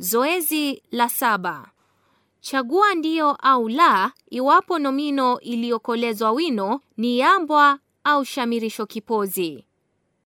Zoezi la saba. Chagua ndio au la iwapo nomino iliyokolezwa wino ni yambwa au shamirisho kipozi.